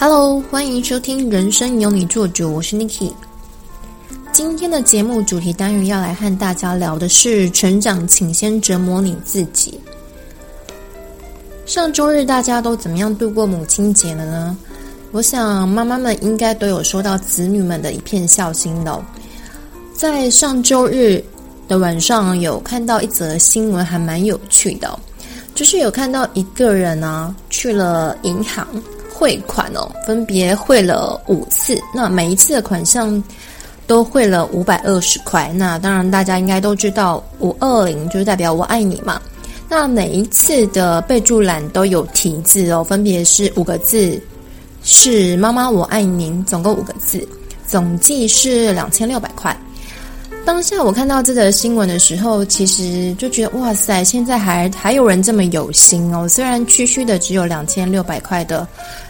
哈嘍，歡迎收聽《人生由你做主》，我是 Niki。今天的節目主題單元要來和大家聊的是“成長，請先折磨你自己”。上周日大家都怎麼樣度過母親節了呢？我想媽媽們應該都有收到子女們的一片孝心嘍、哦。在上周日的晚上，有看到一則新聞，還蠻有趣的、哦，就是有看到一個人呢、啊、去了銀行。匯款哦，分別匯了五次，那每一次的款項都匯了五百二十塊。那當然，大家應該都知道，五二零就是代表我愛你嘛。那每一次的備注欄都有題字哦，分別是五個字，是媽媽我愛您，總共五個字，總計是兩千六百塊。當下我看到這則新聞的時候，其實就覺得哇塞，現在還還有人這麼有心哦。雖然區區的只有兩千六百塊的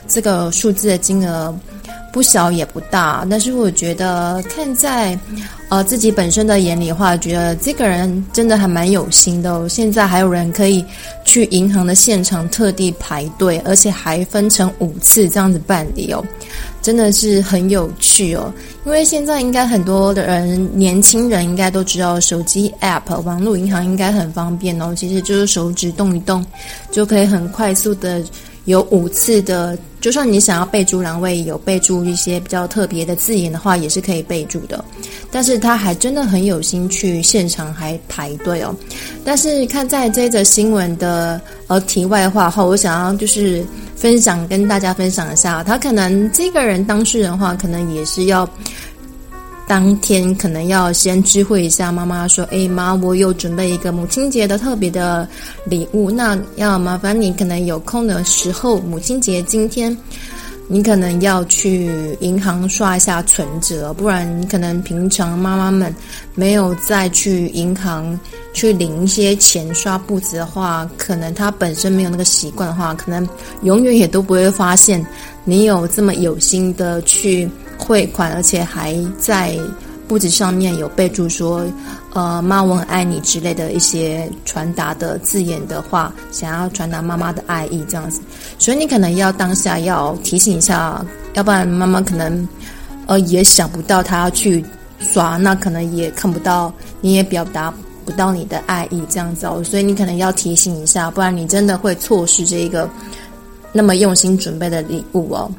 這個數字的金額，不小也不大，但是我覺得看在呃自己本身的眼裡的話，覺得這個人真的還蠻有心的哦。現在還有人可以去銀行的現場特地排隊，而且還分成五次這樣子辦理哦。真的是很有趣哦，因為現在應該很多的人，年輕人應該都知道手機 APP 網絡銀行應該很方便哦，其實就是手指動一動，就可以很快速的。有五次的，就算你想要備註欄位，有備註一些比較特別的字眼的話，也是可以備註的。但是他還真的很有心去現場還排隊哦。但是看在這則新聞的呃題外話後，我想要就是分享跟大家分享一下，他可能這個人當事人的話，可能也是要。當天可能要先知會一下，媽媽說：“誒、哎，媽，我又準備一個母親節的特別的禮物，那要麻煩你，可能有空的時候，母親節今天你可能要去銀行刷一下存折，不然你可能平常媽媽們沒有再去銀行去領一些錢刷簿子的話，可能她本身沒有那個習慣的話，可能永遠也都不會發現你有這麼有心的去。”匯款，而且還在簿子上面有備註說，呃，媽，我很愛你之類的一些傳達的字眼的話，想要傳達媽媽的愛意這樣子，所以你可能要當下要提醒一下，要不然媽媽可能，呃，也想不到她要去刷，那可能也看不到，你也表達不到你的愛意這樣子哦，所以你可能要提醒一下，不然你真的會錯失這一個那麼用心準備的禮物哦。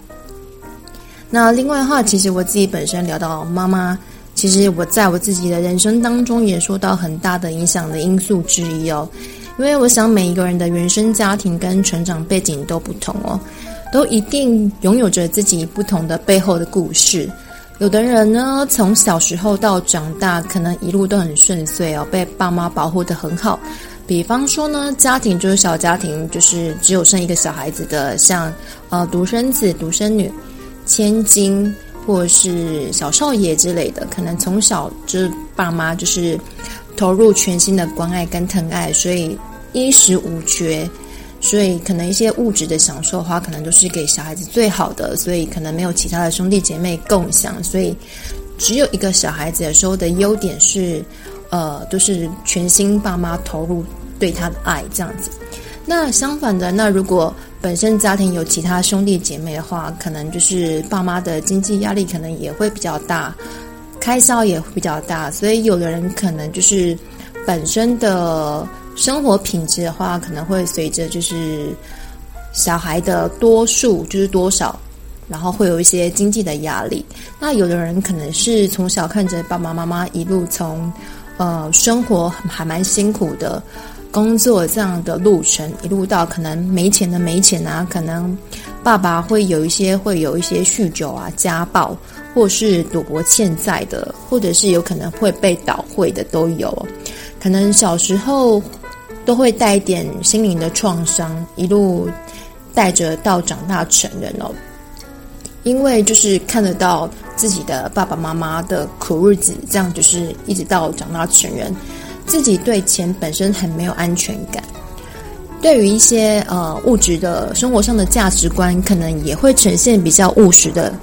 那另外的話，其實我自己本身聊到媽媽，其實我在我自己的人生當中也受到很大的影響的因素之一哦。因為我想，每一個人的原生家庭跟成長背景都不同哦，都一定擁有着自己不同的背後的故事。有的人呢，從小時候到長大，可能一路都很順遂哦，被爸媽保護得很好。比方說呢，家庭就是小家庭，就是只有生一個小孩子的，像呃，獨生子、獨生女。千金或是小少爺之類的，可能從小就是爸媽就是投入全心的關愛跟疼愛，所以衣食無缺，所以可能一些物質的享受的話，可能都是給小孩子最好的，所以可能沒有其他的兄弟姐妹共享，所以只有一個小孩子的時候的優點是，呃，都、就是全心爸媽投入對他的愛這樣子。那相反的，那如果。本身家庭有其他兄弟姐妹的話，可能就是爸媽的經濟壓力可能也會比較大，開銷也會比較大，所以有的人可能就是本身的生活品質的話，可能會隨着就是小孩的多數就是多少，然後會有一些經濟的壓力。那有的人可能是從小看着爸爸媽媽一路從呃生活還蠻辛苦的。工作這樣的路程，一路到可能沒錢的沒錢啊，可能爸爸會有一些會有一些酗酒啊、家暴，或是賭博欠債的，或者是有可能會被倒會的都有。可能小時候都會帶一點心靈的創傷，一路帶着到長大成人哦。因為就是看得到自己的爸爸媽媽的苦日子，這樣就是一直到長大成人。自己對錢本身很沒有安全感，對於一些呃物質的生活上的價值觀，可能也會呈現比較務實的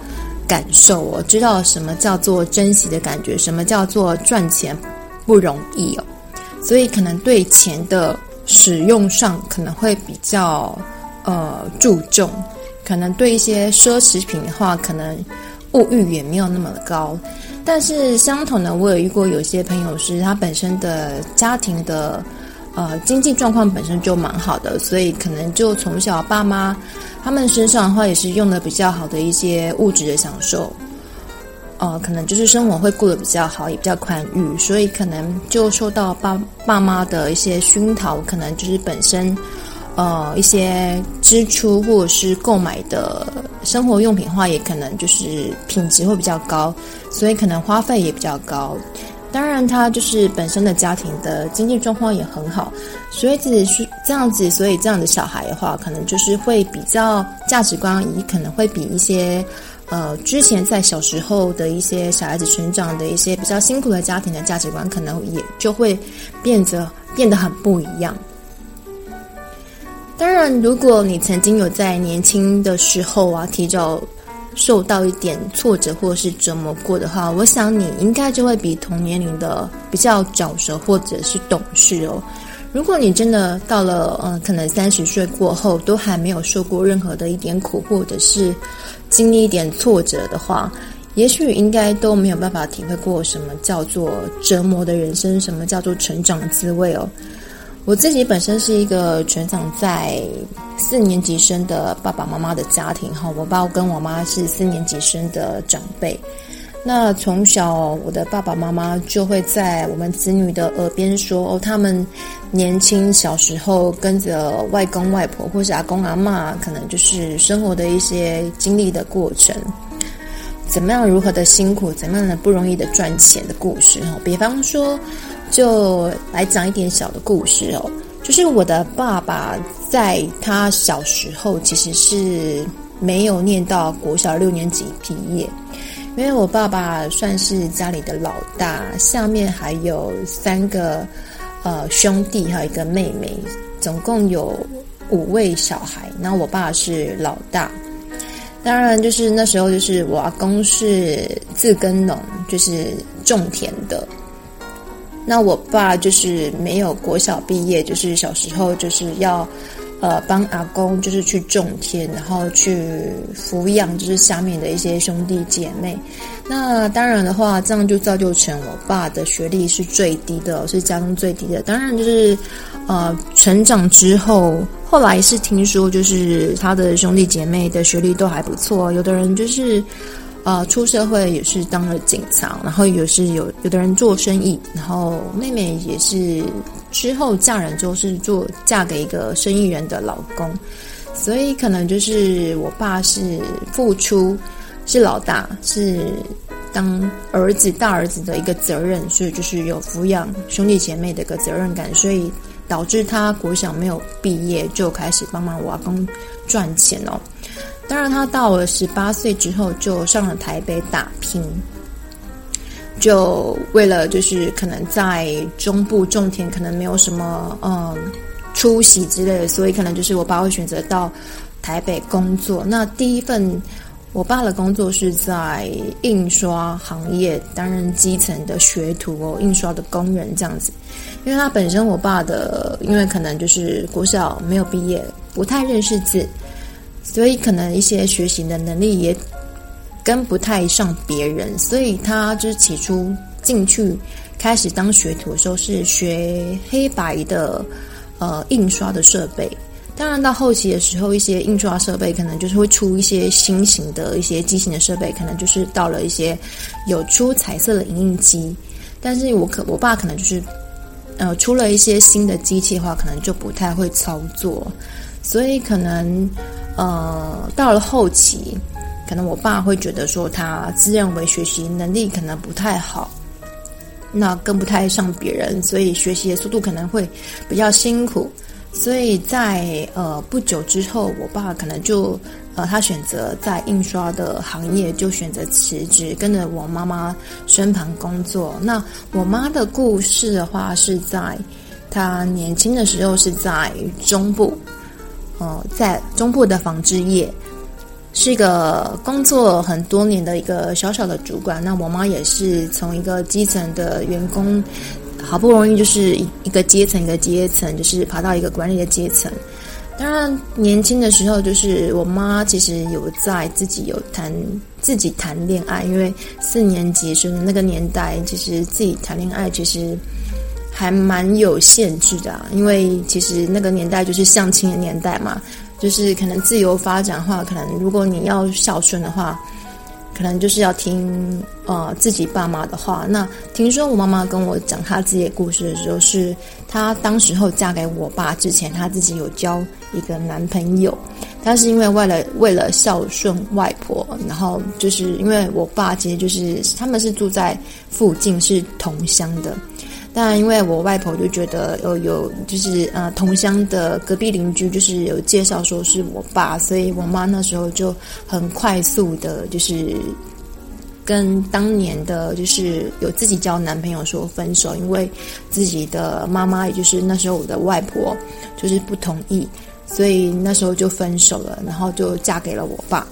感受哦。我知道什麼叫做珍惜的感覺，什麼叫做賺錢不容易哦。所以可能對錢的使用上，可能會比較呃注重，可能對一些奢侈品的話，可能物欲也沒有那麼高。但是相同的，我有遇過有些朋友是，他本身的家庭的，呃，經濟狀況本身就蠻好的，所以可能就從小爸媽他們身上的話，也是用的比較好的一些物質的享受，呃，可能就是生活會過得比較好，也比較寬裕，所以可能就受到爸爸媽的一些熏陶，可能就是本身。呃，一些支出或者是購買的生活用品的話，也可能就是品質會比較高，所以可能花費也比較高。當然，他就是本身的家庭的經濟狀況也很好，所以自己是這樣子，所以這樣的小孩的話，可能就是會比較價值觀，也可能會比一些呃之前在小時候的一些小孩子成長的一些比較辛苦的家庭的價值觀，可能也就會變得變得很不一樣。當然，如果你曾經有在年輕的時候啊，提早受到一點挫折，或是折磨過的話，我想你應該就會比同年齡的比較早熟或者是懂事哦。如果你真的到了呃、嗯，可能三十歲過後都還沒有受過任何的一點苦，或者是經歷一點挫折的話，也許應該都沒有辦法體會過什麼叫做折磨的人生，什麼叫做成長的滋味哦。我自己本身是一個成長在四年級生的爸爸媽媽的家庭哈，我爸跟我媽是四年級生的長輩。那從小我的爸爸媽媽就會在我們子女的耳邊說哦，他們年輕小時候跟着外公外婆或是阿公阿嬤，可能就是生活的一些經歷的過程，怎麼樣如何的辛苦，怎麼樣的不容易的賺錢的故事哈，比方說。就來講一點小的故事哦，就是我的爸爸在他小時候其實是沒有念到國小六年級畢業，因為我爸爸算是家裡的老大，下面還有三個呃兄弟還有一個妹妹，總共有五位小孩，那我爸是老大。當然就是那時候就是我阿公是自耕農，就是種田的。那我爸就是沒有國小畢業，就是小時候就是要，呃，幫阿公就是去種田，然後去撫養就是下面的一些兄弟姐妹。那當然的話，這樣就造就成我爸的學歷是最低的，是家中最低的。當然就是，呃，成長之後，後來是聽說就是他的兄弟姐妹的學歷都還不錯，有的人就是。呃，出社會也是當了警察，然後也是有有的人做生意，然後妹妹也是之後嫁人之後是做嫁給一個生意人的老公，所以可能就是我爸是付出，是老大，是當兒子大兒子的一個責任，所以就是有撫養兄弟姐妹的一個責任感，所以導致他國小沒有畢業就開始幫忙打工賺錢哦。當然，他到了十八歲之後，就上了台北打拼，就為了就是可能在中部種田，可能沒有什麼嗯出息之類的，所以可能就是我爸會選擇到台北工作。那第一份我爸的工作是在印刷行業擔任基層的學徒哦，印刷的工人這樣子，因為他本身我爸的，因為可能就是國小沒有畢業，不太認識字。所以可能一些學習的能力也跟不太上別人，所以他就是起初進去開始當學徒的時候是學黑白的呃印刷的設備，當然到後期的時候一些印刷設備可能就是會出一些新型的一些機型的設備，可能就是到了一些有出彩色的影印機，但是我可我爸可能就是呃出了一些新的機器的話，可能就不太會操作，所以可能。呃，到了後期，可能我爸會覺得說他自認為學習能力可能不太好，那跟不太上別人，所以學習的速度可能會比較辛苦。所以在呃不久之後，我爸可能就呃他選擇在印刷的行業就選擇辭職，跟着我媽媽身旁工作。那我媽的故事的話，是在她年輕的時候是在中部。哦，在中部的紡織業，是一個工作很多年的一個小小的主管。那我媽也是從一個基層的員工，好不容易就是一一個階層一個階層，就是爬到一個管理的階層。當然，年輕的時候就是我媽其實有在自己有談自己談戀愛，因為四年級生那個年代，其實自己談戀愛其實。還蠻有限制的啊，因為其實那個年代就是相親的年代嘛，就是可能自由發展的話，可能如果你要孝順的話，可能就是要聽呃自己爸媽的話。那聽說我媽媽跟我講她自己的故事的時候，是她當時候嫁給我爸之前，她自己有交一個男朋友，但是因為為了為了孝順外婆，然後就是因為我爸其實就是他們是住在附近，是同鄉的。但因為我外婆就覺得有有就是呃同鄉的隔壁鄰居就是有介紹說是我爸，所以我媽那時候就很快速的，就是跟當年的，就是有自己交男朋友說分手，因為自己的媽媽也就是那時候我的外婆就是不同意，所以那時候就分手了，然後就嫁給了我爸。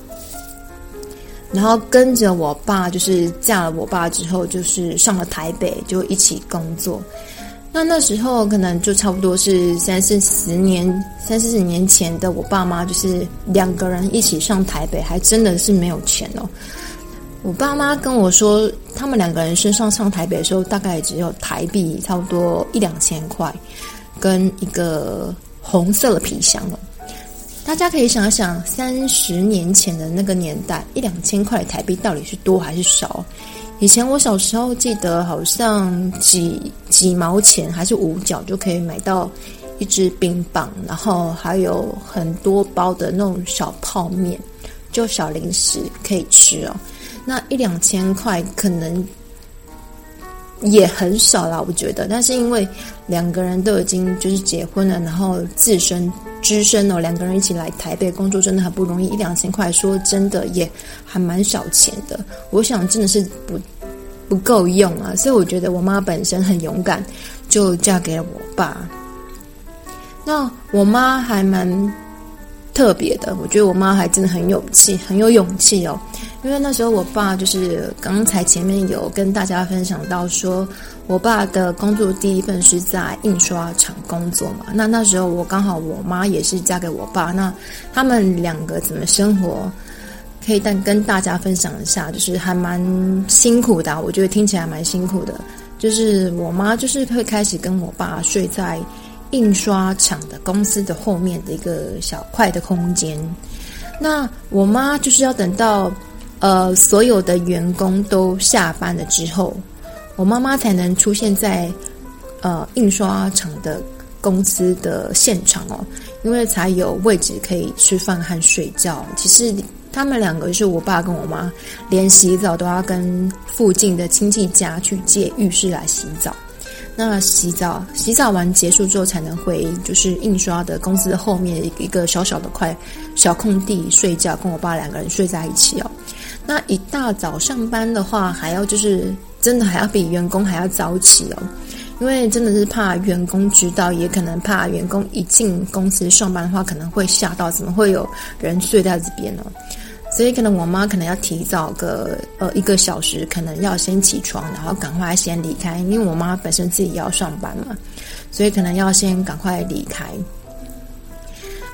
然後跟着我爸，就是嫁了我爸之後，就是上了台北，就一起工作。那那時候可能就差不多是三四十年、三四十年前的我爸媽，就是兩個人一起上台北，還真的是沒有錢哦。我爸媽跟我說，他們兩個人身上上台北的時候，大概只有台幣差不多一兩千塊，跟一個紅色的皮箱了。大家可以想一想，三十年前的那個年代，一兩千塊的台幣到底是多還是少？以前我小時候記得，好像幾幾毛錢還是五角就可以買到一支冰棒，然後還有很多包的那種小泡麵，就小零食可以吃哦。那一兩千塊可能也很少啦，我覺得。但是因為兩個人都已經就是結婚了，然後自身。只身哦，兩個人一起來台北工作，真的很不容易。一兩千塊，說真的也還蠻少錢的。我想真的是不不夠用啊，所以我覺得我媽本身很勇敢，就嫁給了我爸。那我媽還蠻。特別的，我覺得我媽還真的很勇氣，很有勇氣哦。因為那時候我爸就是剛才前面有跟大家分享到說，我爸的工作第一份是在印刷廠工作嘛。那那時候我剛好我媽也是嫁給我爸，那他們兩個怎麼生活，可以但跟大家分享一下，就是還蠻辛苦的。我覺得聽起來蠻辛苦的，就是我媽就是會開始跟我爸睡在。印刷廠的公司的後面的一個小塊的空間，那我媽就是要等到，呃，所有的員工都下班了之後，我媽媽才能出現在，呃，印刷廠的公司的現場哦，因為才有位置可以吃飯和睡覺。其實他們兩個就是我爸跟我媽，連洗澡都要跟附近的親戚家去借浴室來洗澡。那洗澡，洗澡完結束之後才能回，就是印刷的公司後面一個小小的塊小空地睡覺，跟我爸兩個人睡在一起哦。那一大早上班的話，還要就是真的還要比員工還要早起哦，因為真的是怕員工知道，也可能怕員工一進公司上班的話，可能會嚇到，怎麼會有人睡在這邊呢、哦？所以可能我媽可能要提早個呃一個小時，可能要先起床，然後趕快先離開，因為我媽本身自己要上班嘛，所以可能要先趕快離開。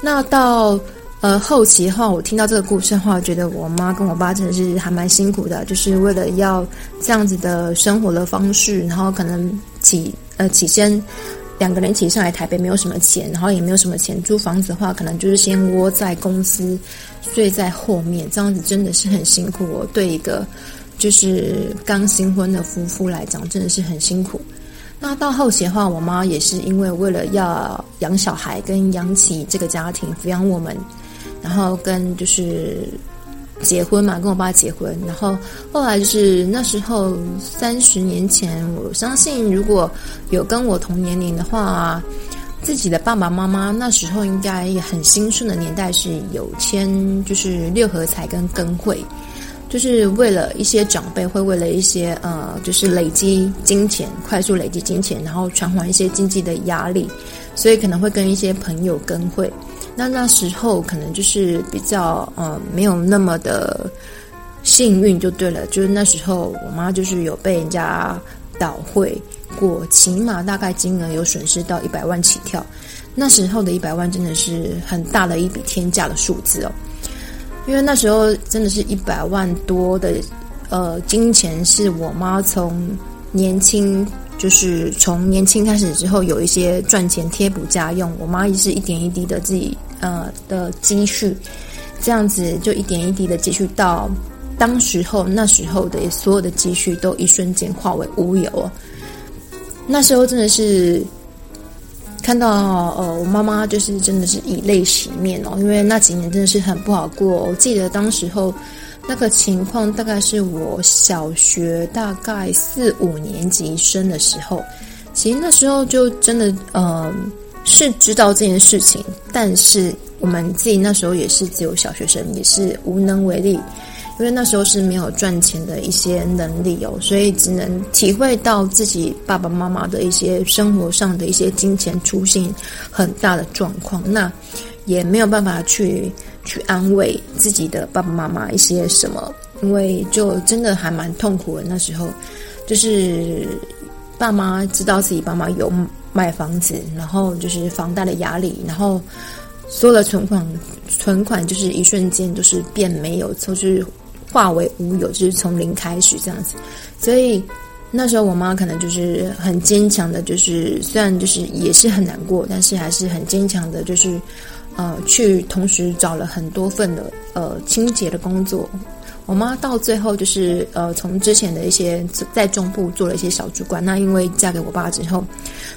那到呃後期後，我聽到這個故事的話，我覺得我媽跟我爸真的是還蠻辛苦的，就是為了要這樣子的生活的方式，然後可能起呃起先。兩個人一起上來台北沒有什麼錢，然後也沒有什麼錢租房子的話，可能就是先窩在公司睡在後面，這樣子真的是很辛苦哦。我對一個就是剛新婚的夫婦來講，真的是很辛苦。那到後期的話，我媽也是因為為了要養小孩跟養起這個家庭，撫養我們，然後跟就是。結婚嘛，跟我爸結婚，然後後來就是那時候三十年前，我相信如果有跟我同年齡的話，啊，自己的爸爸媽媽那時候應該也很興盛的年代，是有簽就是六合彩跟跟會，就是為了一些長輩會為了一些呃就是累積金錢，快速累積金錢，然後償還一些經濟的壓力，所以可能會跟一些朋友跟會。那那時候可能就是比較嗯、呃，沒有那麼的幸運就對了，就是那時候我媽就是有被人家倒會過，起碼大概金額有損失到一百萬起跳。那時候的一百萬真的是很大的一筆天價的數字哦，因為那時候真的是一百萬多的呃金錢是我媽從年輕。就是從年輕開始之後，有一些賺錢貼補家用，我媽一直一點一滴的自己呃的積蓄，這樣子就一點一滴的積蓄到當時候那時候的所有的積蓄都一瞬間化為烏有哦。那時候真的是看到呃我媽媽就是真的是以淚洗面哦，因為那幾年真的是很不好過哦。我記得當時候。那個情況大概是我小學大概四五年級生的時候，其實那時候就真的呃是知道這件事情，但是我們自己那時候也是只有小學生，也是無能為力，因為那時候是沒有賺錢的一些能力哦，所以只能體會到自己爸爸媽媽的一些生活上的一些金錢出現很大的狀況，那也沒有辦法去。去安慰自己的爸爸媽媽一些什麼，因為就真的還蠻痛苦的。那時候，就是爸媽知道自己爸媽有賣房子，然後就是房貸的壓力，然後所有的存款，存款就是一瞬間就是變沒有，就是化為烏有，就是從零開始這樣子。所以那時候我媽可能就是很堅強的，就是雖然就是也是很難過，但是還是很堅強的，就是。呃，去同時找了很多份的呃清潔的工作。我媽到最後就是呃，從之前的一些在中部做了一些小主管。那因為嫁給我爸之後，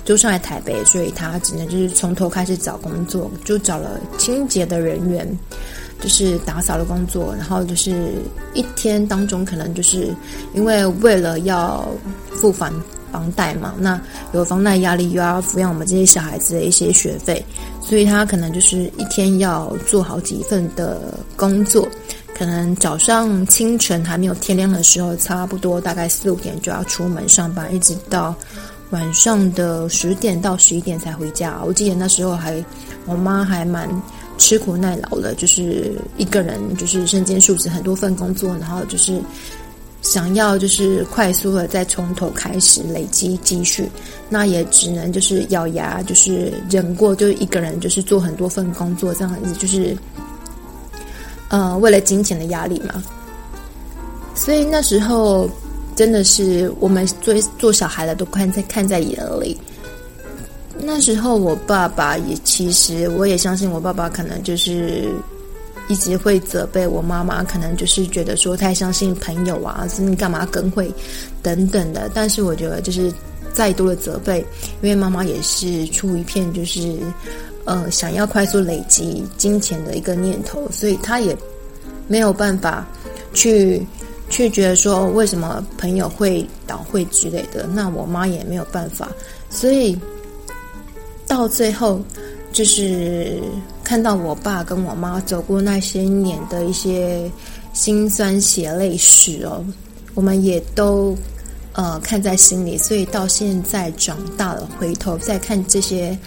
就上來台北，所以她只能就是從頭開始找工作，就找了清潔的人員，就是打掃的工作。然後就是一天當中，可能就是因為為了要付房房貸嘛，那有房貸壓力又要撫養我們這些小孩子的一些學費。所以他可能就是一天要做好幾份的工作，可能早上清晨還沒有天亮的時候，差不多大概四五點就要出門上班，一直到晚上的十點到十一點才回家。我記得那時候還我媽還蠻吃苦耐勞的，就是一個人就是身兼數職很多份工作，然後就是。想要就是快速的再從頭開始累積積蓄，那也只能就是咬牙就是忍過，就一個人就是做很多份工作這樣子，就是，呃，為了金錢的壓力嘛。所以那時候真的是我們做做小孩的都看在看在眼裡。那時候我爸爸也，其實我也相信我爸爸可能就是。一直會責備我媽媽，可能就是覺得說太相信朋友啊，是你幹嘛跟會等等的。但是我覺得就是再多的責備，因為媽媽也是出一片就是呃想要快速累積金錢的一個念頭，所以她也沒有辦法去去覺得說為什麼朋友會倒會之類的。那我媽也沒有辦法，所以到最後就是。看到我爸跟我媽走過那些年的一些辛酸血淚史哦，我們也都呃看在心裡。所以到現在長大了，回頭再看這些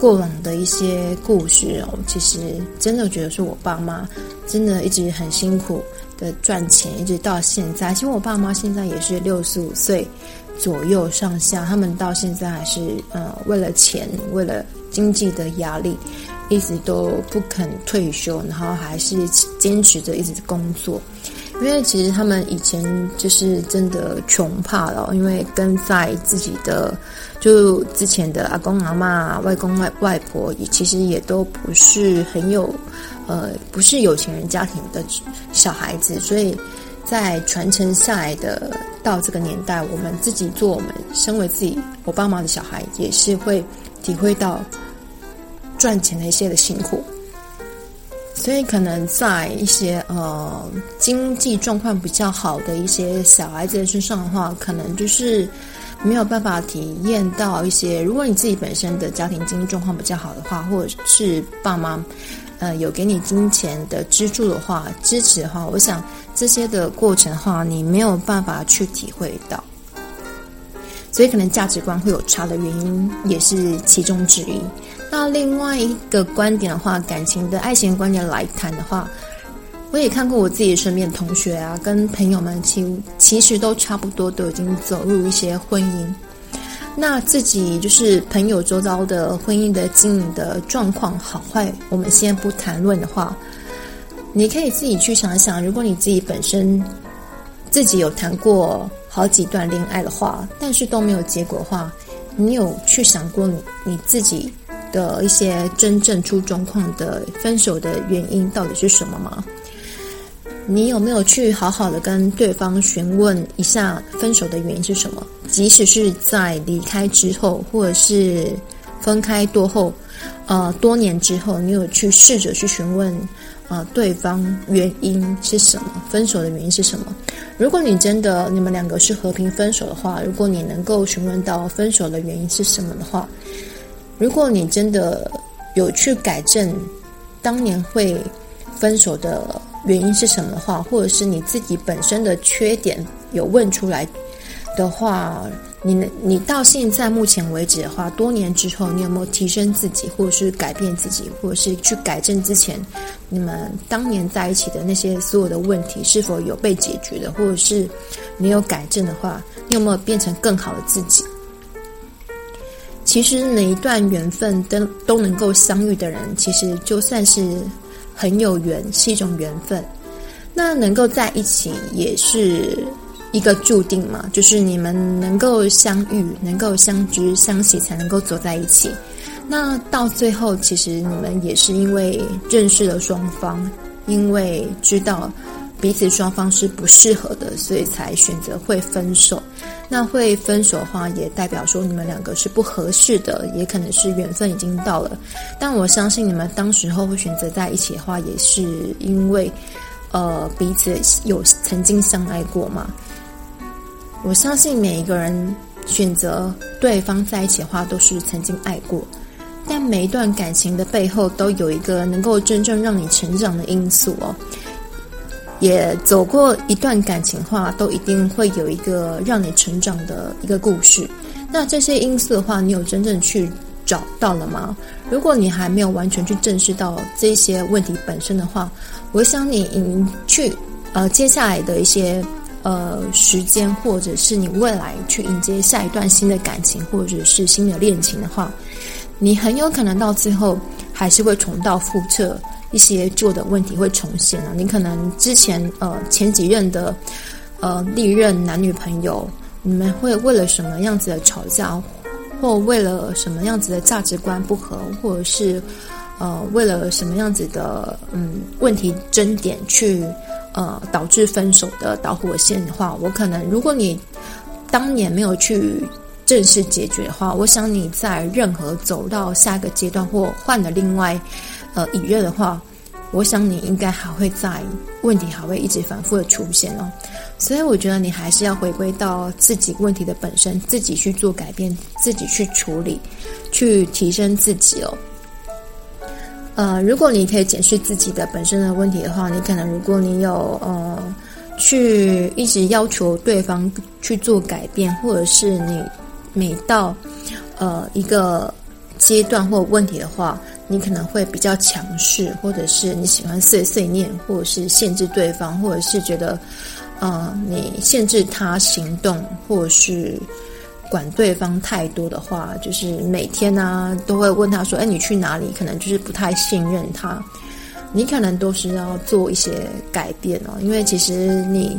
過往的一些故事哦，其實真的覺得是我爸媽真的一直很辛苦的賺錢，一直到現在。其實我爸媽現在也是六十五歲左右上下，他們到現在還是呃為了錢，為了經濟的壓力。一直都不肯退休，然後還是堅持着一直工作，因為其實他們以前就是真的窮怕了，因為跟在自己的就之前的阿公阿嬤、外公外外婆，也其實也都不是很有，呃，不是有錢人家庭的小孩子，所以在傳承下來的到這個年代，我們自己做我們身為自己我爸媽的小孩，也是會體會到。賺錢的一些的辛苦，所以可能在一些呃經濟狀況比較好的一些小孩子身上的話，可能就是沒有辦法體驗到一些。如果你自己本身的家庭經濟狀況比較好的話，或者是爸媽呃有給你金錢的資助的話，支持的話，我想這些的過程的話，你沒有辦法去體會到，所以可能價值觀會有差的原因也是其中之一。那另外一個觀點的話，感情的愛情觀點來談的話，我也看過我自己身邊的同學啊，跟朋友們其，其其實都差不多，都已經走入一些婚姻。那自己就是朋友周遭的婚姻的經營的狀況好壞，我們先不談論的話，你可以自己去想想，如果你自己本身自己有談過好幾段戀愛的話，但是都沒有結果的話，你有去想過你你自己的一些真正出狀況的分手的原因到底是什麼嗎？你有沒有去好好的跟對方詢問一下分手的原因是什麼？即使是在離開之後，或者是分開多後，呃，多年之後，你有去試着去詢問啊、呃，對方原因是什麼？分手的原因是什麼？如果你真的你們兩個是和平分手的話，如果你能夠詢問到分手的原因是什麼的話。如果你真的有去改正當年會分手的原因是什麼的話，或者是你自己本身的缺點有問出來的話，你你到現在目前為止的話，多年之後，你有沒有提升自己，或者是改變自己，或者是去改正之前你們當年在一起的那些所有的問題，是否有被解決的，或者是沒有改正的話，你有沒有變成更好的自己？其實每一段緣分都都能夠相遇的人，其實就算是很有緣，是一種緣分。那能夠在一起，也是一個注定嘛，就是你們能夠相遇，能夠相知、相惜，才能夠走在一起。那到最後，其實你們也是因為認識了雙方，因為知道。彼此雙方是不適合的，所以才選擇會分手。那會分手的話，也代表說你們兩個是不合適的，也可能是緣分已經到了。但我相信你們當時候會選擇在一起的話，也是因為，呃，彼此有曾經相愛過嘛。我相信每一個人選擇對方在一起的話，都是曾經愛過。但每一段感情的背後，都有一個能夠真正讓你成長的因素哦。也走過一段感情的話，都一定會有一個讓你成長的一個故事。那這些因素的話，你有真正去找到了嗎？如果你還沒有完全去正視到這些問題本身的話，我想你去呃接下來的一些呃時間，或者是你未來去迎接下一段新的感情，或者是新的戀情的話，你很有可能到最後還是會重蹈覆轍。一些舊的問題會重現了啊。你可能之前呃前幾任的呃歷任男女朋友，你們會為了什麼樣子的吵架，或為了什麼樣子的價值觀不合，或者是呃為了什麼樣子的嗯問題爭點去呃導致分手的導火線的話，我可能如果你當年沒有去正視解決的話，我想你在任何走到下一個階段或換了另外。呃，以熱的話，我想你應該還會在意，問題還會一直反復的出現哦，所以我覺得你還是要回歸到自己問題的本身，自己去做改變，自己去處理，去提升自己哦。呃，如果你可以檢視自己的本身的問題的話，你可能如果你有呃去一直要求對方去做改變，或者是你每到呃一個。階段或問題的話，你可能會比較強勢，或者是你喜歡碎碎念，或者是限制對方，或者是覺得，嗯，你限制他行動，或者是管對方太多的話，就是每天呢都會問他說：“誒，你去哪裡？”可能就是不太信任他。你可能都是要做一些改變哦，因為其實你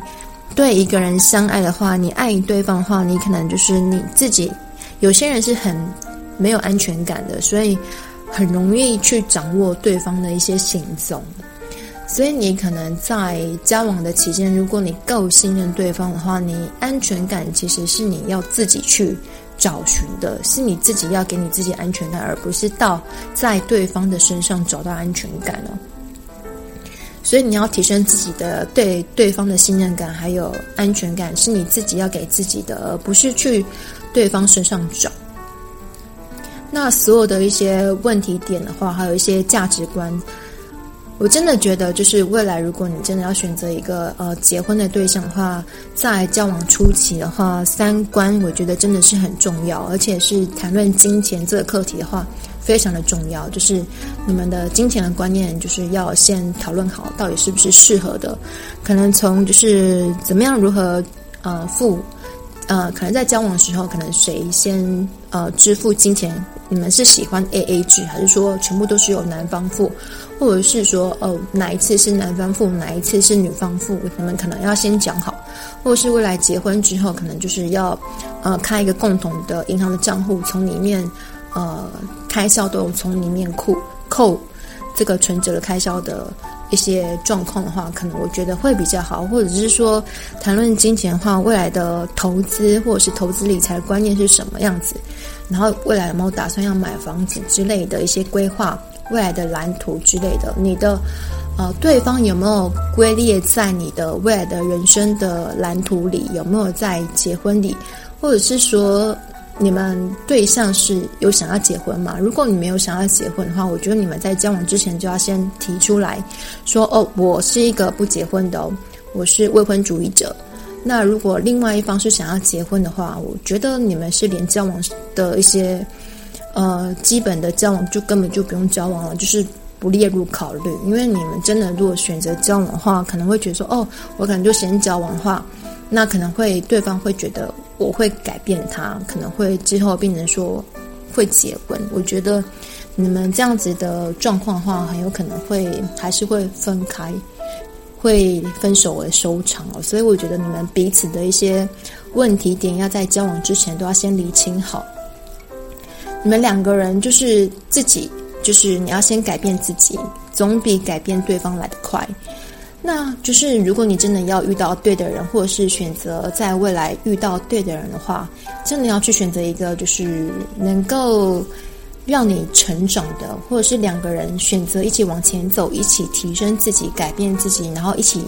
對一個人相愛的話，你愛對方的話，你可能就是你自己，有些人是很。沒有安全感的，所以很容易去掌握對方的一些行蹤。所以你可能在交往的期間，如果你夠信任對方的話，你安全感其實是你要自己去找尋的，是你自己要給你自己安全感，而不是到在對方的身上找到安全感哦。所以你要提升自己的對對方的信任感，還有安全感，是你自己要給自己的，而不是去對方身上找。那所有的一些問題點的話，還有一些價值觀，我真的覺得，就是未來如果你真的要選擇一個呃結婚的對象的話，在交往初期的話，三觀我覺得真的是很重要，而且是談論金錢這個課題的話，非常的重要。就是你們的金錢的觀念，就是要先討論好到底是不是適合的。可能從就是怎麼樣如何呃付呃，可能在交往的時候，可能誰先呃支付金錢。你們是喜歡 AA 制，還是說全部都是由男方付，或者是說，哦，哪一次是男方付，哪一次是女方付？你們可能要先講好，或者是未來結婚之後，可能就是要，呃，開一個共同的銀行的賬戶，從裡面，呃，開銷都有從裡面庫扣，這個存折的開銷的。一些狀況的話，可能我覺得會比較好，或者是說談論金錢的話，未來的投資或者是投資理財觀念是什麼樣子，然後未來有沒有打算要買房子之類的一些規劃，未來的藍圖之類的，你的呃，對方有沒有歸列在你的未來的人生的藍圖裡？有沒有在結婚裡，或者是說？你們對象是有想要結婚嗎？如果你沒有想要結婚的話，我覺得你們在交往之前就要先提出來說，哦，我是一個不結婚的，哦，我是未婚主義者。那如果另外一方是想要結婚的話，我覺得你們是連交往的一些，呃，基本的交往就根本就不用交往了，就是不列入考慮。因為你們真的如果選擇交往的話，可能會覺得，說：‘哦，我可能就先交往的話。那可能會對方會覺得我會改變他，可能會之後變成說會結婚。我覺得你們這樣子的狀況的話，很有可能會還是會分開，會分手而收場哦。所以我覺得你們彼此的一些問題點，要在交往之前都要先理清好。你們兩個人就是自己，就是你要先改變自己，總比改變對方來得快。那就是，如果你真的要遇到對的人，或者是選擇在未來遇到對的人的話，真的要去選擇一個就是能夠讓你成長的，或者是兩個人選擇一起往前走，一起提升自己、改變自己，然後一起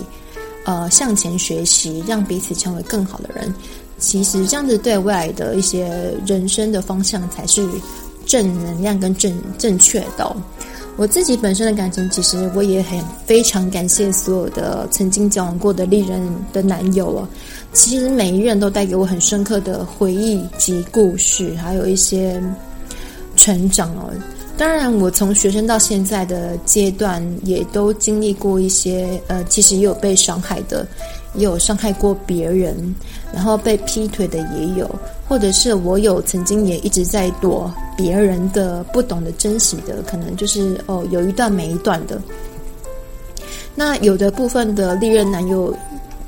呃向前學習，讓彼此成為更好的人。其實這樣子對未來的一些人生的方向才是正能量跟正正確的哦。我自己本身的感情，其實我也很非常感謝所有的曾經交往過的歷任的男友哦。其實每一任都帶給我很深刻的回憶及故事，還有一些成長哦。當然，我從學生到現在的階段，也都經歷過一些呃，其實也有被傷害的。也有傷害過別人，然後被劈腿的也有，或者是我有曾經也一直在躲別人的不懂得珍惜的，可能就是哦，有一段沒一段的。那有的部分的歷任男友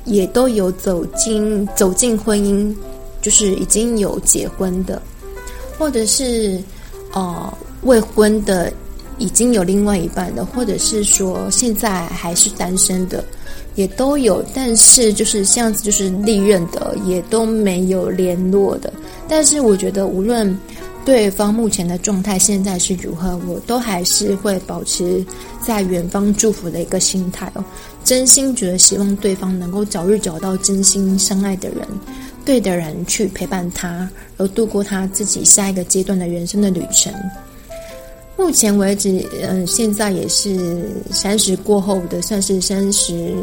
也都有走進走進婚姻，就是已經有結婚的，或者是哦、呃、未婚的已經有另外一半的，或者是說現在還是單身的。也都有，但是就是這樣子，就是歷任的也都沒有聯絡的。但是我覺得，無論對方目前的狀態現在是如何，我都還是會保持在遠方祝福的一個心態哦。真心覺得希望對方能夠早日找到真心相愛的人，對的人去陪伴他，而度過他自己下一個階段的人生的旅程。目前為止，嗯、呃，現在也是三十過後的，算是三十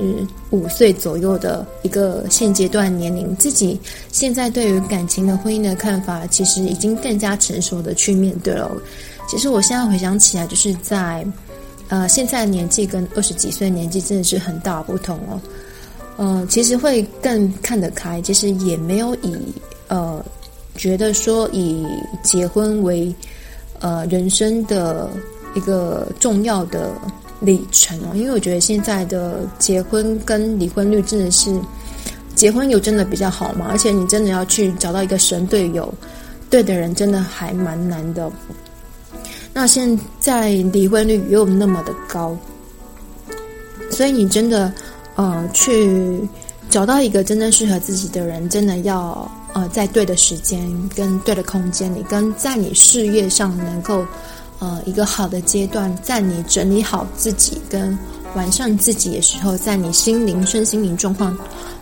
五歲左右的一個現階段年齡。自己現在對於感情的、婚姻的看法，其實已經更加成熟的去面對了。其實我現在回想起來，就是在呃現在年紀跟二十幾歲年紀真的是很大不同哦。嗯、呃，其實會更看得開，其實也沒有以呃覺得說以結婚為。呃，人生的，一個重要的里程哦、啊，因為我覺得現在的結婚跟離婚率真的是，結婚有真的比較好嘛，而且你真的要去找到一個神隊友，對的人真的還蠻難的。那現在離婚率又那麼的高，所以你真的，呃，去找到一個真正適合自己的人，真的要。呃，在對的時間跟對的空間裡，跟在你事業上能夠，呃，一個好的階段，在你整理好自己跟完善自己的時候，在你心靈身心靈狀況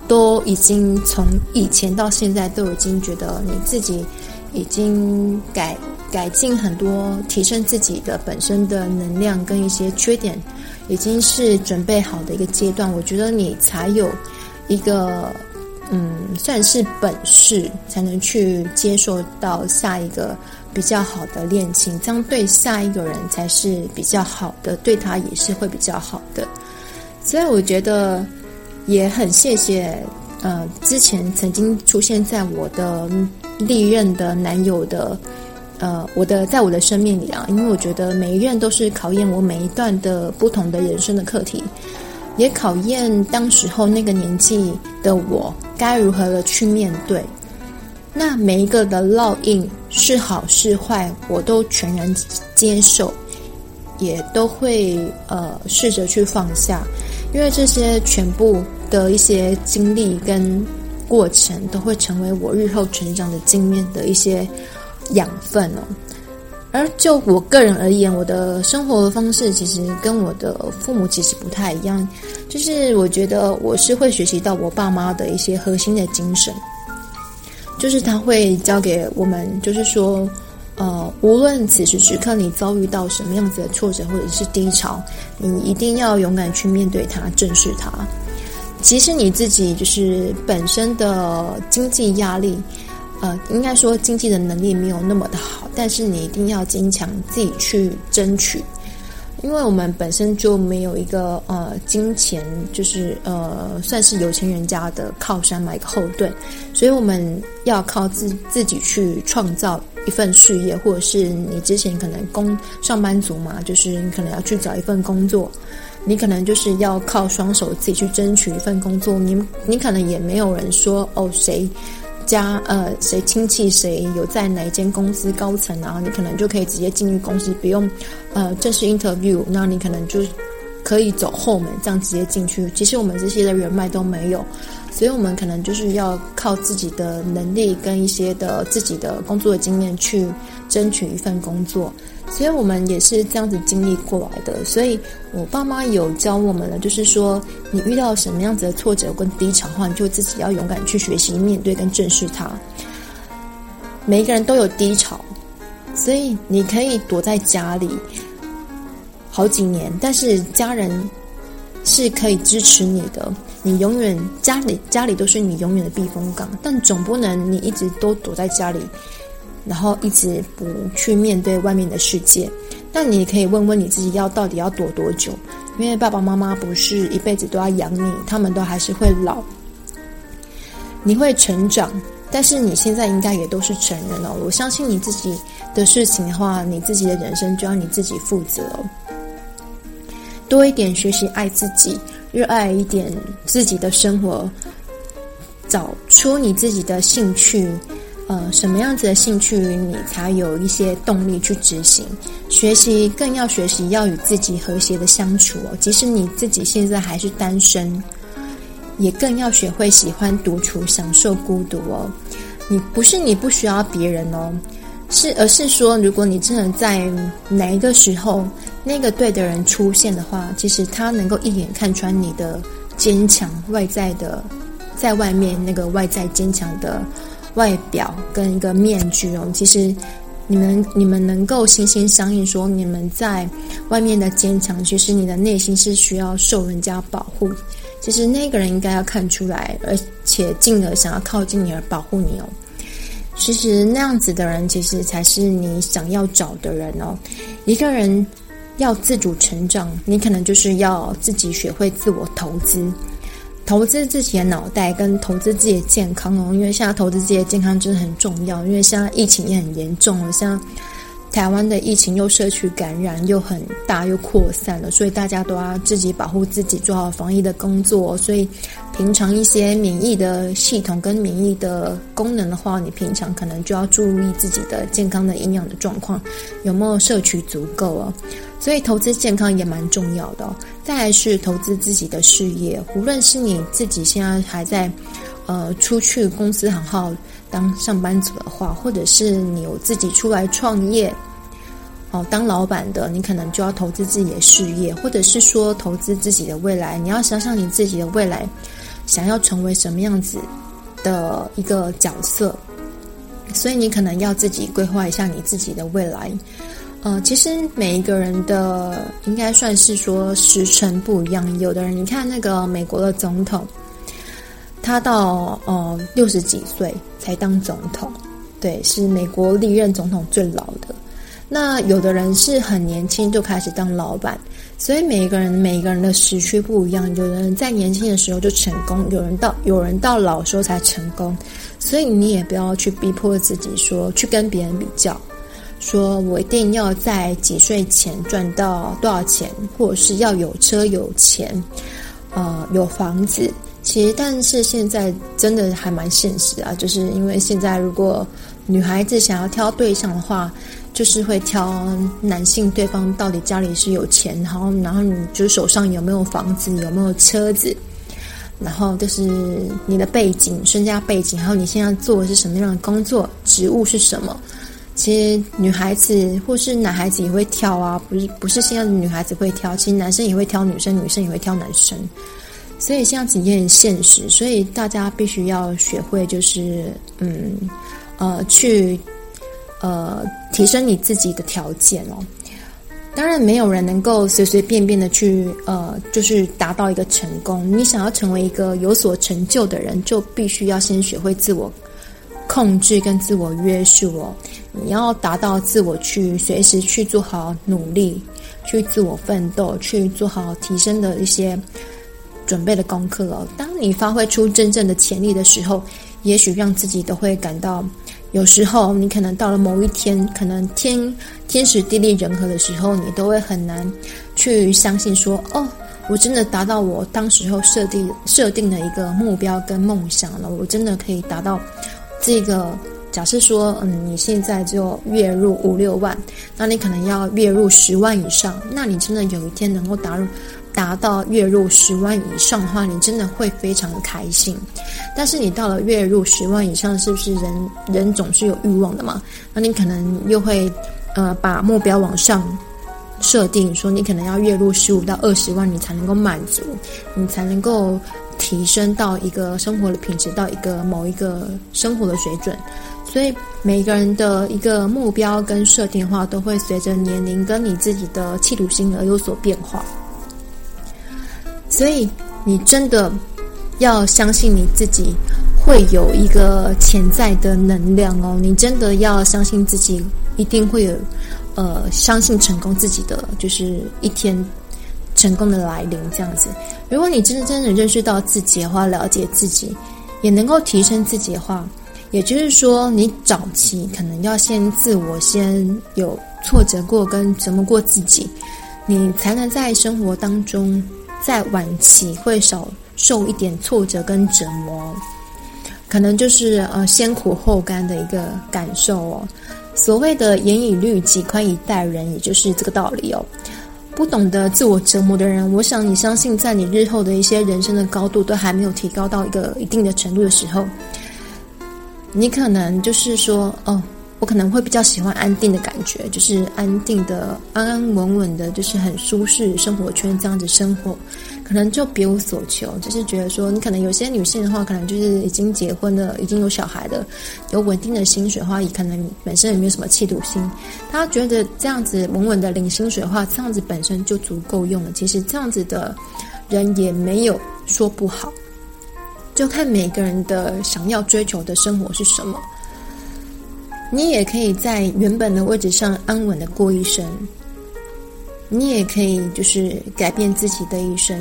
都已經從以前到現在都已經覺得你自己已經改改進很多，提升自己的本身的能量跟一些缺點，已經是準備好的一個階段。我覺得你才有一個。嗯，算是本事，才能去接受到下一個比較好的戀情，這樣對下一個人才是比較好的，對他也是會比較好的。所以我覺得也很謝謝，呃，之前曾經出現在我的歷任的男友的，呃，我的在我的生命裡啊，因為我覺得每一任都是考驗我每一段的不同的人生的課題。也考驗當時候那個年紀的我該如何的去面對。那每一個的烙印是好是壞，我都全然接受，也都會呃試着去放下，因為這些全部的一些經歷跟過程，都會成為我日後成長的經驗的一些養分哦。而就我個人而言，我的生活方式其實跟我的父母其實不太一樣。就是我覺得我是會學習到我爸媽的一些核心的精神，就是他會教給我們，就是說，呃，無論此時此刻你遭遇到什麼樣子的挫折或者是低潮，你一定要勇敢去面對它，正視它。其實你自己就是本身的經濟壓力，呃，應該說經濟的能力沒有那麼的好。但是你一定要堅強，自己去爭取，因為我們本身就沒有一個呃金錢，就是呃算是有錢人家的靠山嘛，一個後盾，所以我們要靠自自己去創造一份事業，或者是你之前可能工上班族嘛，就是你可能要去找一份工作，你可能就是要靠雙手自己去爭取一份工作，你你可能也沒有人說哦誰。家，呃誰親戚誰有在哪一間公司高層啊，然後你可能就可以直接進入公司，不用呃正式 interview，那你可能就可以走後門，這樣直接進去。其實我們這些的人脈都沒有，所以我們可能就是要靠自己的能力跟一些的自己的工作的經驗去爭取一份工作。所以我們也是這樣子經歷過來的，所以我爸媽有教我們了，就是說你遇到什麼樣子的挫折跟低潮的話，你就自己要勇敢去學習面對跟正視它。每一個人都有低潮，所以你可以躲在家裡好幾年，但是家人是可以支持你的，你永遠家裡家裡都是你永遠的避風港，但總不能你一直都躲在家裡。然後一直不去面對外面的世界，那你也可以問問你自己，要到底要躲多久？因為爸爸媽媽不是一輩子都要養你，他們都還是會老。你會成長，但是你現在應該也都是成人了，哦。我相信你自己的事情的話，你自己的人生就要你自己負責，哦。多一點學習愛自己，熱愛一點自己的生活，找出你自己的興趣。呃，什麼樣子的興趣你才有一些動力去執行？學習更要學習，要與自己和諧的相處哦。即使你自己現在還是單身，也更要學會喜歡獨處，享受孤獨哦。你不是你不需要別人哦，是而是說，如果你真的在哪一個時候，那個對的人出現的話，其實他能夠一眼看穿你的堅強外在的，在外面那個外在堅強的。外表跟一個面具哦，其實，你們你們能夠心心相印，說你們在外面的堅強，其實你的內心是需要受人家保護。其實那個人應該要看出來，而且進而想要靠近你而保護你哦。其實那樣子的人，其實才是你想要找的人哦。一個人要自主成長，你可能就是要自己學會自我投資。投資自己的腦袋，跟投資自己的健康哦。因為現在投資自己的健康就是很重要，因為現在疫情也很嚴重了，像。台灣的疫情又社區感染又很大又擴散了，所以大家都要自己保護自己，做好防疫的工作。所以平常一些免疫的系統跟免疫的功能的話，你平常可能就要注意自己的健康的營養的狀況，有沒有攝取足夠哦。所以投資健康也蠻重要的哦。再來是投資自己的事業，無論是你自己現在還在呃出去公司行號。當上班族的話，或者是你有自己出來創業，哦，當老板的，你可能就要投資自己的事業，或者是說投資自己的未來，你要想想你自己的未來想要成為什麼樣子的一個角色，所以你可能要自己規劃一下你自己的未來。呃，其實每一個人的應該算是說時辰不一樣，有的人你看那個美國的總統。他到呃，六十幾歲才當總統，對，是美國歷任總統最老的。那有的人是很年輕就開始當老闆，所以每一個人每一個人的時區不一樣。有的人在年輕的時候就成功，有人到有人到老的時候才成功。所以你也不要去逼迫自己說去跟別人比較，說我一定要在幾歲前賺到多少錢，或者是要有車有錢，呃，有房子。其實，但是現在真的還蠻現實啊，就是因為現在如果女孩子想要挑對象的話，就是會挑男性對方到底家裡是有錢，然後然後你就是手上有沒有房子，有沒有車子，然後就是你的背景、身家背景，還有你現在做的是什麼樣的工作、職務是什麼。其實女孩子或是男孩子也會挑啊，不是不是現在的女孩子會挑，其實男生也會挑女生，女生也會挑男生。所以這樣子也很現實，所以大家必須要學會，就是嗯，呃，去呃提升你自己的條件哦。當然，沒有人能夠隨隨便便的去呃，就是達到一個成功。你想要成為一個有所成就的人，就必須要先學會自我控制跟自我約束哦。你要達到自我去隨時去做好努力，去自我奮鬥，去做好提升的一些準備的功課哦。當你發揮出真正的潛力的時候，也許讓自己都會感到，有時候你可能到了某一天，可能天天時地利人和的時候，你都會很難去相信說，哦，我真的達到我當時候設定設定的一個目標跟夢想了。我真的可以達到這個。假設說，嗯，你現在就月入五六萬，那你可能要月入十萬以上，那你真的有一天能夠達到。達到月入十萬以上的話，你真的會非常的開心。但是你到了月入十萬以上，是不是人人總是有慾望的嘛？那你可能又會，呃，把目標往上設定，說你可能要月入十五到二十萬，你才能夠滿足，你才能夠提升到一個生活的品質，到一個某一個生活的水準。所以，每個人的一個目標跟設定的話，都會隨着年齡跟你自己的企圖心而有所變化。所以，你真的要相信你自己，會有一個潛在的能量哦。你真的要相信自己，一定會有，呃，相信成功自己的就是一天成功的來臨這樣子。如果你真的真的認識到自己的話，了解自己，也能夠提升自己的話，也就是說，你早期可能要先自我先有挫折過跟折磨過自己，你才能在生活當中。在晚期會少受一點挫折跟折磨，可能就是呃先苦後甘的一個感受哦。所謂的嚴以律己、寬以待人，也就是這個道理哦。不懂得自我折磨的人，我想你相信，在你日後的一些人生的高度都還沒有提高到一個一定的程度的時候，你可能就是說哦。我可能會比較喜歡安定的感覺，就是安定的、安安穩穩的，就是很舒適生活圈這樣子生活，可能就別無所求，就是覺得說，你可能有些女性的話，可能就是已經結婚了、已經有小孩了，有穩定的薪水的話，也可能你本身也沒有什麼企圖心，她覺得這樣子穩穩的領薪水的話，這樣子本身就足夠用了。其實這樣子的人也沒有說不好，就看每個人的想要追求的生活是什麼。你也可以在原本的位置上安穩的過一生。你也可以就是改變自己的一生，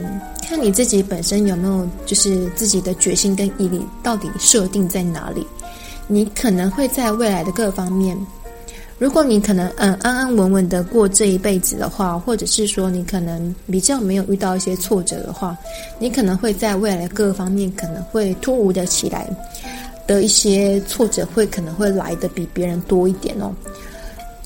看你自己本身有沒有就是自己的決心跟毅力到底設定在哪裡。你可能會在未來的各方面，如果你可能嗯安安安穩穩的過這一輩子的話，或者是說你可能比較沒有遇到一些挫折的話，你可能會在未來各方面可能會突兀的起來。的一些挫折會可能會來的比別人多一點哦，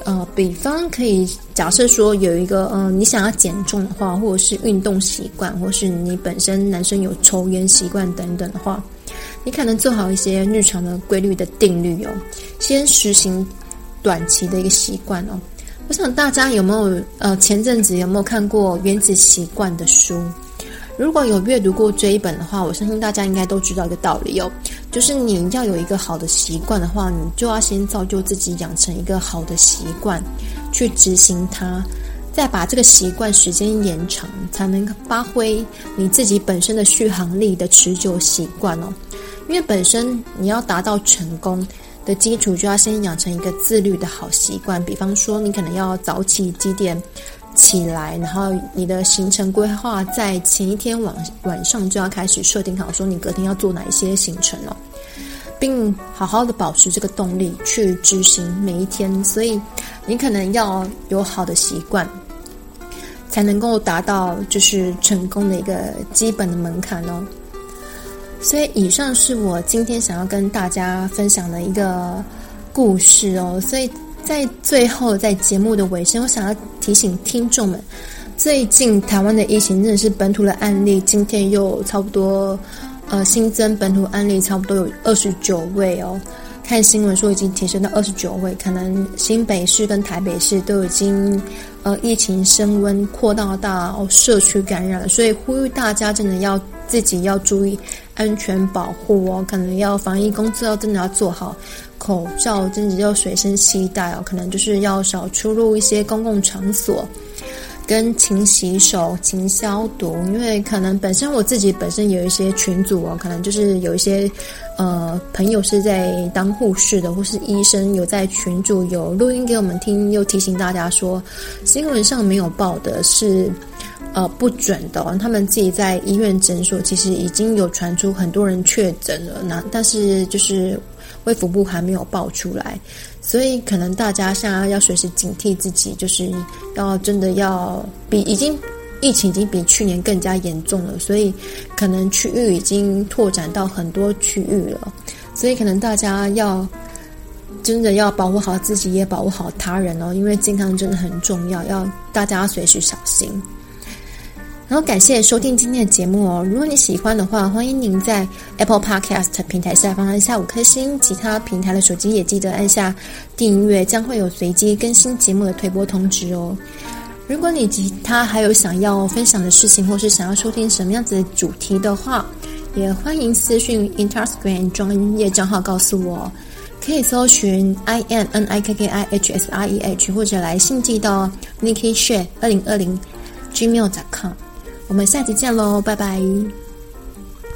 呃，比方可以假設說有一個，嗯、呃，你想要減重的話，或者是運動習慣，或是你本身男生有抽煙習慣等等的話，你可能做好一些日常的規律的定律哦，先實行短期的一個習慣哦。我想大家有沒有，呃，前陣子有沒有看過《原子習慣》的書？如果有閱讀過這一本的話，我相信大家應該都知道一個道理哦，就是你要有一個好的習慣的話，你就要先造就自己養成一個好的習慣，去執行它，再把這個習慣時間延長，才能發揮你自己本身的續航力的持久習慣哦。因為本身你要達到成功的基礎，就要先養成一個自律的好習慣，比方說你可能要早起幾點。起來，然後你的行程規劃在前一天晚晚上就要開始設定好，說你隔天要做哪一些行程哦，並好好的保持這個動力去執行每一天，所以你可能要有好的習慣，才能夠達到就是成功的一個基本的門檻哦。所以以上是我今天想要跟大家分享的一個故事哦，所以。在最後，在節目的尾聲，我想要提醒聽眾們，最近台灣的疫情真的是本土的案例，今天又差不多，呃，新增本土案例差不多有二十九位哦。看新聞說已經提升到二十九位，可能新北市跟台北市都已經呃疫情升溫擴大到，哦，社區感染了，所以呼籲大家真的要自己要注意安全保護哦，可能要防疫工作要真的要做好。口罩真的要隨身攜帶哦，可能就是要少出入一些公共場所，跟勤洗手、勤消毒。因為可能本身我自己本身有一些群組哦，可能就是有一些呃朋友是在當護士的，或是醫生，有在群組有錄音給我們聽，又提醒大家說，新聞上沒有報的是呃不準的哦。他們自己在醫院診所其實已經有傳出很多人確診了，那但是就是。衛生部還沒有爆出來，所以可能大家現在要隨時警惕自己，就是要真的要比已經疫情已經比去年更加嚴重了，所以可能區域已經拓展到很多區域了，所以可能大家要真的要保護好自己，也保護好他人哦，因為健康真的很重要，要大家隨時小心。然後感謝收聽今天的節目哦！如果你喜歡的話，歡迎您在 Apple Podcast 平台下方按下五顆星，其他平台的手機也記得按下訂閱，將會有隨機更新節目的推播通知哦。如果你其他還有想要分享的事情，或是想要收聽什麼樣子的主題的話，也歡迎私訊 Interscreen 專業賬號告訴我，可以搜尋 i m n i k k i h s i e h，或者來信寄到 nikki share 二零二零 gmail.com。我們下期見嘍，拜拜。